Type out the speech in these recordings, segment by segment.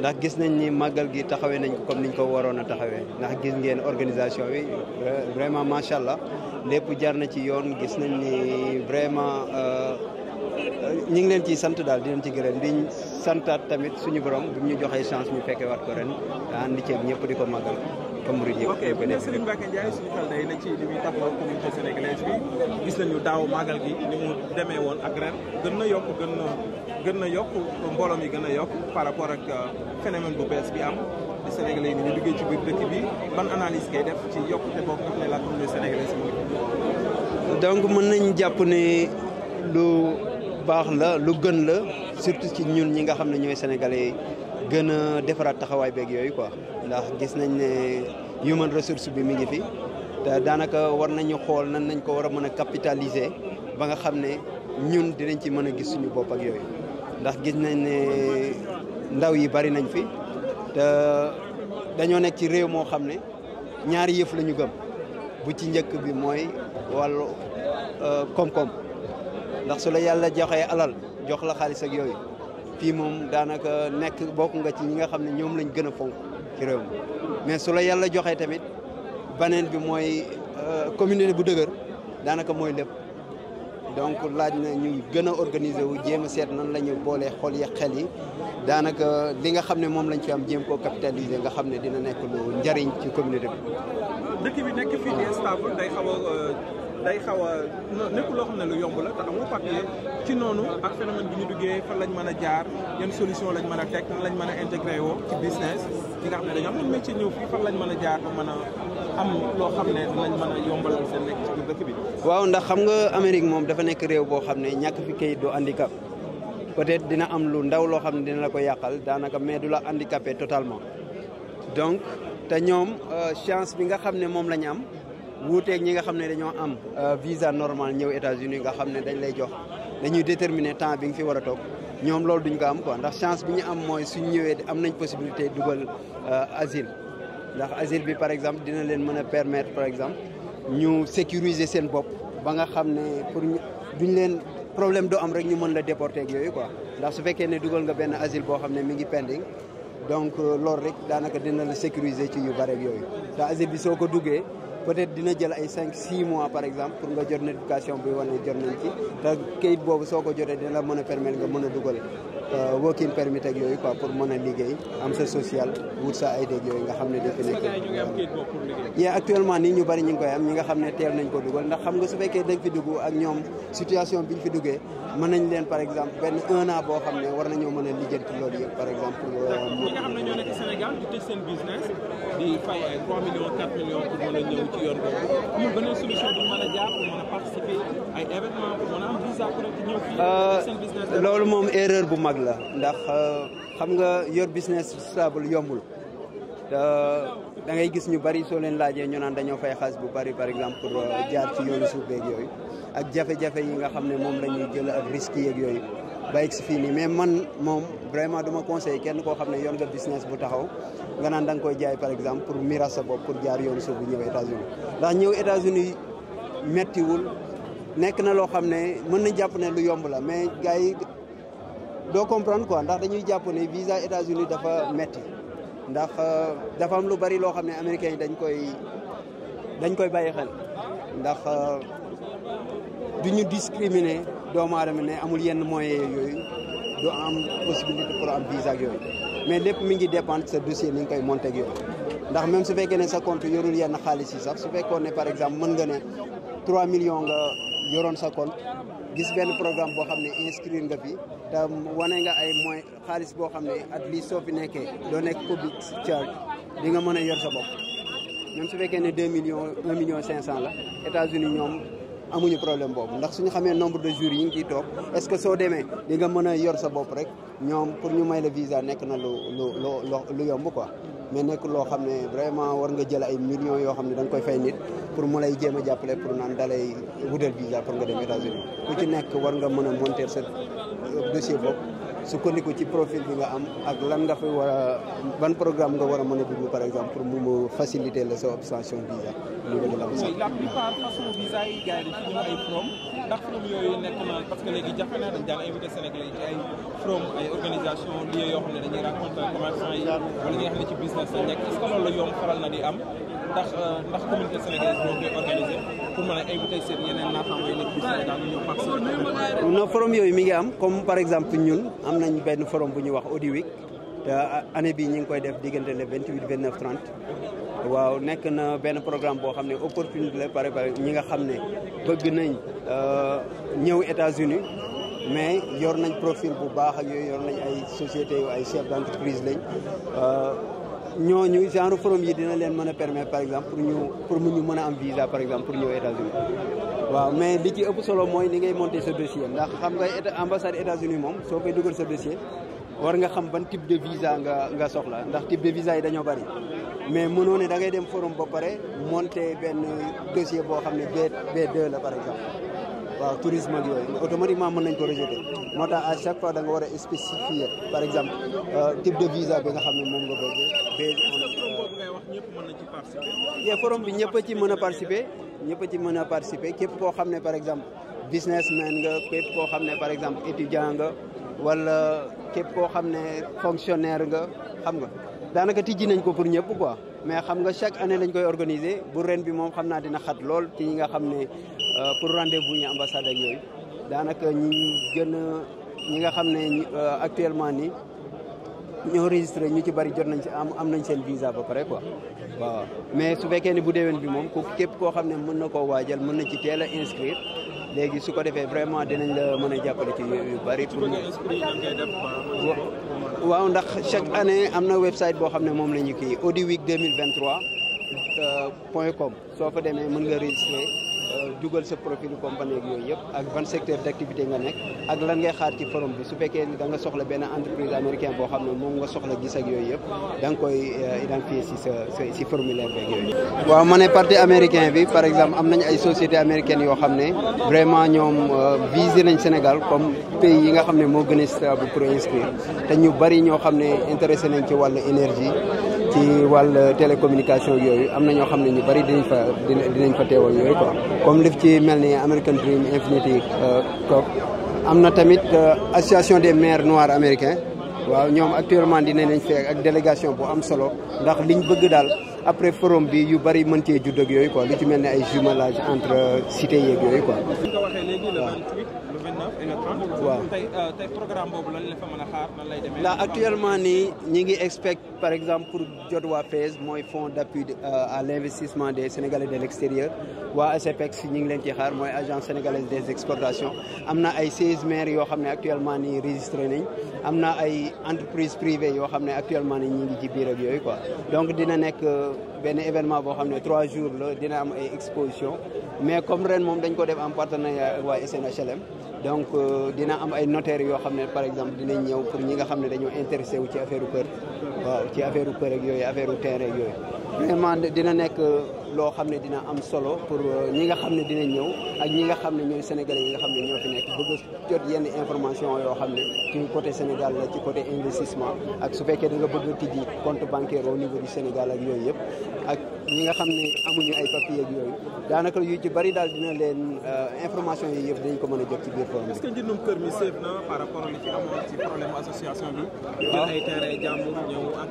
ndax gis nañ ni màggal gi taxawee nañ ko comme niñ ko waroon a taxawee ndax gis ngeen organisation bi vraiment macha allah lépp jar na ci yoon gis nañ ni vraiment euh, ñi ngi leen ciy sant daal di leen ci gërëm di santaat tamit suñu borom bu ñu joxee chance ñu fekkee waat ko ren ànd ceeg ñëpp di ko màggal. fa murid yëpp. ok bu ñu Serigne Mbacké Ndiaye suñu xel day na ci li muy taxawal communauté sénégalaise bi gis nañu daaw màggal gi ni mu demee woon ak ren gën na yokk gën na gën na yokk mbooloom mi gën a yokk par rapport ak euh, phénomène bu bees bi am di sénégalais yi ñu liggéey ci biir dëkk bi ban analise kay def ci yokkute boobu nga xam ne la communauté sénégalaise bi donc mën nañu jàpp ne lu baax la lu gën la surtout ci ñun ñi nga xam ne ñooy sénégalais gën a defaraat taxawaay beeg yooyu ko ndax gis nañ ne human resource bi mi ngi fi te daanaka war nañu xool nan nañ ko war a mën a capitaliser ba nga xam ne ñun dinañ ci mën a gis suñu bopp ak yooyu ndax gis nañ ne ndaw yi bari nañ fi te dañoo nekk ci réew moo xam ne ñaari yëf lañu ñu gëm bu ci njëkk bi mooy wàllu euh, koom-koom ndax su la yàlla joxee alal jox la xaalis ak yooyu fii moom daanaka nekk bokk nga ci ñi nga xam ne ñoom lañ gën a fonk ci réew mi mais su la yàlla joxee tamit baneen bi mooy euh, communauté bu dëgër daanaka mooy lépp donc laaj na ñu gën a organiser wu jéem a seet na la ñu boolee xol ya xel yi daanaka li nga xam ne moom lañ fi am jéem koo capitaliser nga xam ne dina nekk lu njariñ ci communauté bi. day xaw nekkul loo xam ne lu yomb la te amul papier ci noonu ak phénomène bi ñu duggee fan lañ mën a jaar yan solution lañ mën a teg lañ mën a intégré woo ci business ñi nga xam ne lañ mën a jaar a am loo lañ mën a yombalal seen nekk ci biir waaw ndax xam nga Amérique moom dafa nekk réew boo xam ne ñàkk bi kayit doo handicap peut-être dina am lu ndaw loo xam ne dina la ko yàqal daanaka mais du la handicapé totalement donc te ñoom euh, chance bi nga xam ne moom la ñu am. wuuteeg ñi nga xam ne dañoo am euh, visa normal ñëw États-Unis nga xam ne dañ lay jox dañuy déterminer temps bi nga fi war a toog ñoom loolu duñ ko am quoi ndax chance bi ñu am mooy suñ ñëwee am nañ possibilité dugal euh, asile ndax asile bi par exemple dina leen mën a permettre par exemple ñu sécuriser seen bopp ba nga xam ne pour duñ leen problème doo am rek ñu mën la déporter yooyu quoi ndax su fekkee ne dugal nga benn asile boo xam ne mi ngi pending donc euh, loolu rek daanaka dina sécuriser ci yu bare yooyu peut-être dina jël ay cinq six mois par exemple pour nga jot notification bi wane jot nañ ci te kayit boobu soo ko jotee dina la mën a permettre nga mën a dugal Euh, working permit ak yooyu quoi pour mën a liggéey am sa social wut sa ay déeg yooyu nga xam ne dañ fi nekk yee actuellement ni ñu bari ñu ngi koy am ñi nga xam ne teel nañ ko dugal ndax xam nga su fekkee dañ fi dugg ak ñoom situation biñ fi duggee mën nañ leen par exemple benn un an boo xam ne war nañoo mën a lijjanti loolu yi par exemple euh, ñi nga xam ne Sénégal participer ay euh, loolu moom erreur bu mag la ndax euh, xam nga yor business stable yombul te euh, da ngay gis ñu bari soo laajee ñu naan dañoo fay xaalis bu bari par exemple pour jaar ci yoonu suuf beeg yooyu ak jafe-jafe yi nga xam ne moom la ñuy jël ak risques yeeg yooyu ba egg si fii nii mais man moom vraiment du conseil kenn koo xam ne yoon nga business bu taxaw nga naan da nga koy jaay par exemple pour miiras sa bop pour jaar yoonu suuf bu ñëw États-Unis ndax ñëw États-Unis mettiwul nekk na loo xam ne mën na jàpp ne lu yomb la mais gars yi doo comprendre quoi ndax dañuy jàpp ne visa États-Unis dafa metti ndax euh, dafa am lu bari loo xam ne américains yi dañ koy dañ koy bàyyi xel ndax euh, du ñu discriminer doomu aadama ne amul yenn moyens yooyu du am possibilité pour am visa ak yooyu mais lépp mi ngi dépendre sa dossier ni nga koy monté yooyu ndax même su fekkee ne sa compte yorul yenn xaalis yi sax su fekkoon ne par exemple mën nga ne 3 millions nga joroon sa compte gis benn programme boo xam ne inscrire nga fi te wane nga ay moyen xaalis boo xam ne at least soo fi nekkee doo nekk public charge di nga mën a yor sa bopp même su fekkee ne deux millions 1 million 500 la États-Unis ñoom amuñu problème boobu ndax su ñu xamee nombre de jours yi ngi toog est-ce que soo demee di nga mën a yor sa bopp rek ñoom pour ñu may la visa nekk na lu lu lu lu yomb quoi. mais nekk loo xam ne vraiment war nga jël ay millions yoo xam ne da koy fay nit pour mu lay jéem a jàppale pour naan dalay wutal visa pour nga dem États-Unis ku ci nekk war nga mën a monter sa euh, dossier bopp sukkandiku ci profil bi nga am ak lan nga fi war a ban programme nga war a mën a dugg par exemple pour mu mu faciliter la sa obtention visa. niveau de la visa. la plupart façon visa yi gars yi dañu ndax from yooyu nekk que ci ay from euh, mi ngi am comme par exemple ñun am nañ benn forum bu ñuy wax Audi Week te année bii ñu ngi koy def diggante le 28 29 30. waaw nekk na benn programme boo xam ne opportunité la pare pare ñi nga xam ne bëgg nañ euh, ñëw états mais yor nañ profil bu baax ak yooyu yor nañ ay société yu ay chef d'entreprise lañ euh, ñooñu genre forum yi dina leen mën a permettre par exemple pour ñu pour mu ñu mën a am visa par exemple pour ñëw États-Unis waaw mais li ci ëpp solo mooy ni ngay monter sa dossier ndax xam nga ambassade États-Unis moom soo koy dugal sa dossier war nga xam ban type de visa nga nga soxla ndax type de visa yi dañoo bari mais mënoo ne da dem forum ba pare monter benn dossier boo xam ne B b la par exemple waaw tourisme ak yooyu automatiquement mën nañ ko rejeter moo tax à chaque fois da war a spécifier par exemple euh, type de visa bi nga xam ne moom nga bëgg yee forum bi ñëpp a ci mën a participer ñëpp a ci mën a participer képp koo xam ne par exemple business businessman nga képp koo xam ne par exemple étudiant nga wala képp koo xam ne fonctionnaire nga xam nga daanaka tijji nañ ko pour ñëpp quoi mais xam nga chaque année lañ koy organiser bu ren bi moom xam naa dina xat lool ci ñi nga xam ne euh, pour rendez-vous ñu ambassade ak yooyu daanaka ñi gën a ñi nga xam ne euh, actuellement ni ñoo enregistré ñu ci bari jot nañ si am am nañ seen visa ba pare ko waaw mais su fekkee ne bu deeween bi moom ku képp koo xam ne mën na koo waajal mën na ci teel a léegi su ko defee vraiment dinañ la mën a jàppale ci yu bari pour waaw ndax chaque année am na website boo xam ne moom la ñu kii Audi Week 2023 euh, point com soo fa demee mën nga registré Euh, dugal sa profil compagnie ak yooyu yëpp ak ban secteur d' nga nekk ak lan ngay xaar ci forum bi su fekkee da nga soxla benn entreprise américain boo xam ne moom nga soxla gis ak yooyu yëpp da nga koy euh, identifier si sa si formulaire beeg yooyu. waaw ma ne parti américain bi par exemple am nañ ay sociétés américaines yoo xam ne vraiment ñoom euh, visé nañ Sénégal comme pays yi nga xam ne moo gën a stable pour inscrire te ñu bari ñoo xam ne intéressé nañ ci wàllu énergie. ci wàll télécommunication yooyu am na ñoo xam ne ñu bari dinañ fa dinañ fa teewal yooyu quoi comme lif ci mel ni American Dream Infinity Corp euh, am na tamit euh, association des maires noirs américains waaw ñoom actuellement dina nañ fee ak délégation bu am solo ndax liñ bëgg daal après forum bi yu bari mën cee judd ak yooyu ko lu ci mel ni ay jumelage entre euh, cité yeeg yooyu quoi waaw euh, la actuellement nii ñi ngi expect par exemple pour jot waa PES mooy fonds d' appui euh, à l' investissement des de l' extérieur waa SEPEX ñi ngi leen ci xaar mooy agence sénégalaise des exportations am na ay 16 maires yoo xam ne actuellement nii registré nañ am na ay entreprises privées yoo xam ne actuellement nii ñi ngi ci biir ak yooyu quoi donc dina nekk euh, benn événement boo xam ne trois jours la dina am ay exposition mais comme ren moom dañ ko def en partenariat ak waa SNHLM. donc euh, dina am ay notaire yoo xam ne par exemple dinañ ñëw pour ñi nga xam ne dañoo intéressé wu ci affaire u kër waaw ci affaire u kër ak yooyu affaire u terrain ak yooyu dina nekk loo xam ne dina am solo pour euh, ñi nga xam ne dina ñëw ak ñi nga xam ne ñooy sénégalais yi nga xam ne ñoo fi nekk bëgg a jot yenn information yoo xam ne ci côté Sénégal la ci côté investissement ak su fekkee da nga bëgg a tijji compte bancaire au niveau du Sénégal ak yooyu yëpp ak ñi nga xam ni amuñu ay papier yooyu daanaka yu ci bari daal dina leen euh, information yi yëpp dañ ko mën a jot ci biir forum bi. que njëndum kër mi seet par rapport association bi. waaw ah. jël ay terrain jàmbur ñëw ah.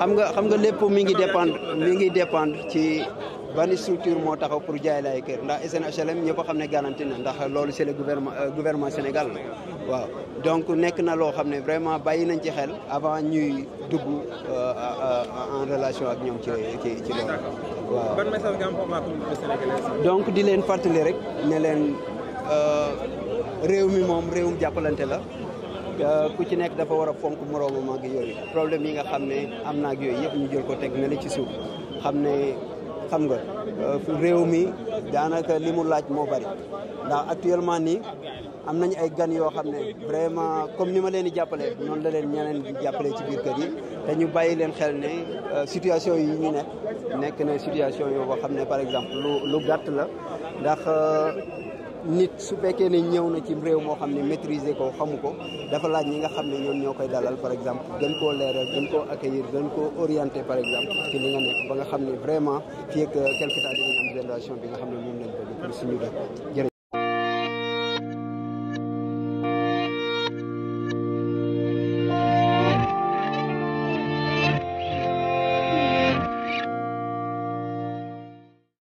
xam nga xam nga lépp mi ngi dépendre mi ngi dépendre ci. ban structure moo taxaw pour jaay la ay kër ndax SNHLM ñëpp xam ne garanti na ndax loolu c'est le gouvernement euh, gouvernement Sénégal la waaw donc nekk na loo xam ne vraiment bàyyi nañ ci xel avant ñuy dugg euh, en relation ak ñoom ci ci ci loolu waaw ban message di leen fàttali rek ne leen euh, réew mi moom réewum jàppalante la ku ci nekk dafa war a fonk moroomam ak yooyu problème yi nga xam ne am na yooyu yëpp ñu jël ko teg li ci suuf xam ne xam nga euh, réew mi daanaka li mu laaj moo bari ndax actuellement nii am nañ ay gan yoo xam ne vraiment comme ni ma leen di jàppalee noonu la leen ñeneen di jàppalee ci biir kër yi te ñu bàyyi leen xel ne euh, situation yi ñu nekk nekk na situation yoo xam ne par exemple lu lu gàtt la ndax euh, nit su fekkee ne ñëw na ci réew moo xam ne maitriser ko xamu ko dafa laaj ñi nga xam ne ñoom ñoo koy dalal par exemple gën koo leeral gën koo accueillir gën koo orienter par exemple ci li nga nekk ba nga xam ne vraiment fii ak quelque temps dinañ bi nga xam ne moom lañ bëgg pour suñu dëkk